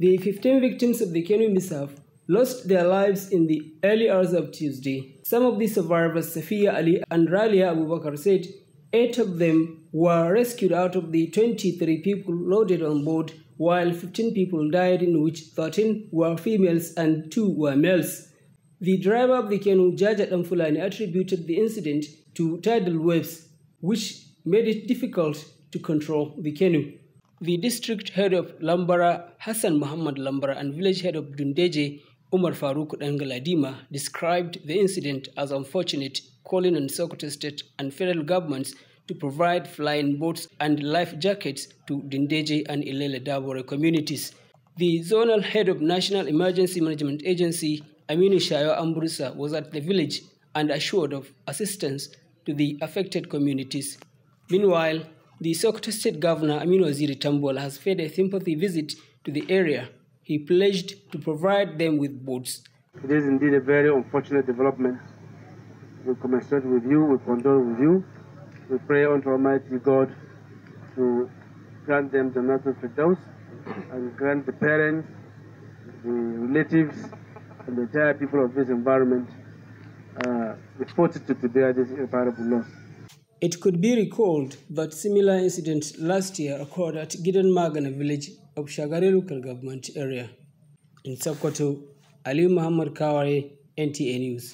The 15 victims of the canoe mishap lost their lives in the early hours of Tuesday. Some of the survivors, Safiya Ali and Ralia Abubakar, said eight of them were rescued out of the 23 people loaded on board, while 15 people died, in which 13 were females and 2 were males. The driver of the canoe, Jaja Damfulani, attributed the incident to tidal waves, which made it difficult to control the canoe. The district head of Lambara, Hassan Muhammad Lambara, and village head of Dundeje, Umar Faruk Dangaladima, described the incident as unfortunate, calling on Sokoto state and federal governments to provide flying boats and life jackets to Dundeje and Ilele Dabore communities. The zonal head of National Emergency Management Agency, Aminu Shayo Ambrusa, was at the village and assured of assistance to the affected communities. Meanwhile, the Sokoto State Governor Aminu Aziri Tambol has paid a sympathy visit to the area. He pledged to provide them with boats. It is indeed a very unfortunate development. We commiserate with you, we condole with you. We pray unto Almighty God to grant them the National Fidaus and grant the parents, the relatives, and the entire people of this environment uh, the fortitude to bear this irreparable loss. It could be recalled that similar incident last year occurred at Gidan Magana village of Shagari local government area. In Sokoto, Ali Muhammad Kaware, NTA News.